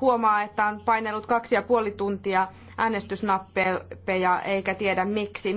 huomaa, että on painellut kaksi ja puoli tuntia äänestysnappeja eikä tiedä miksi.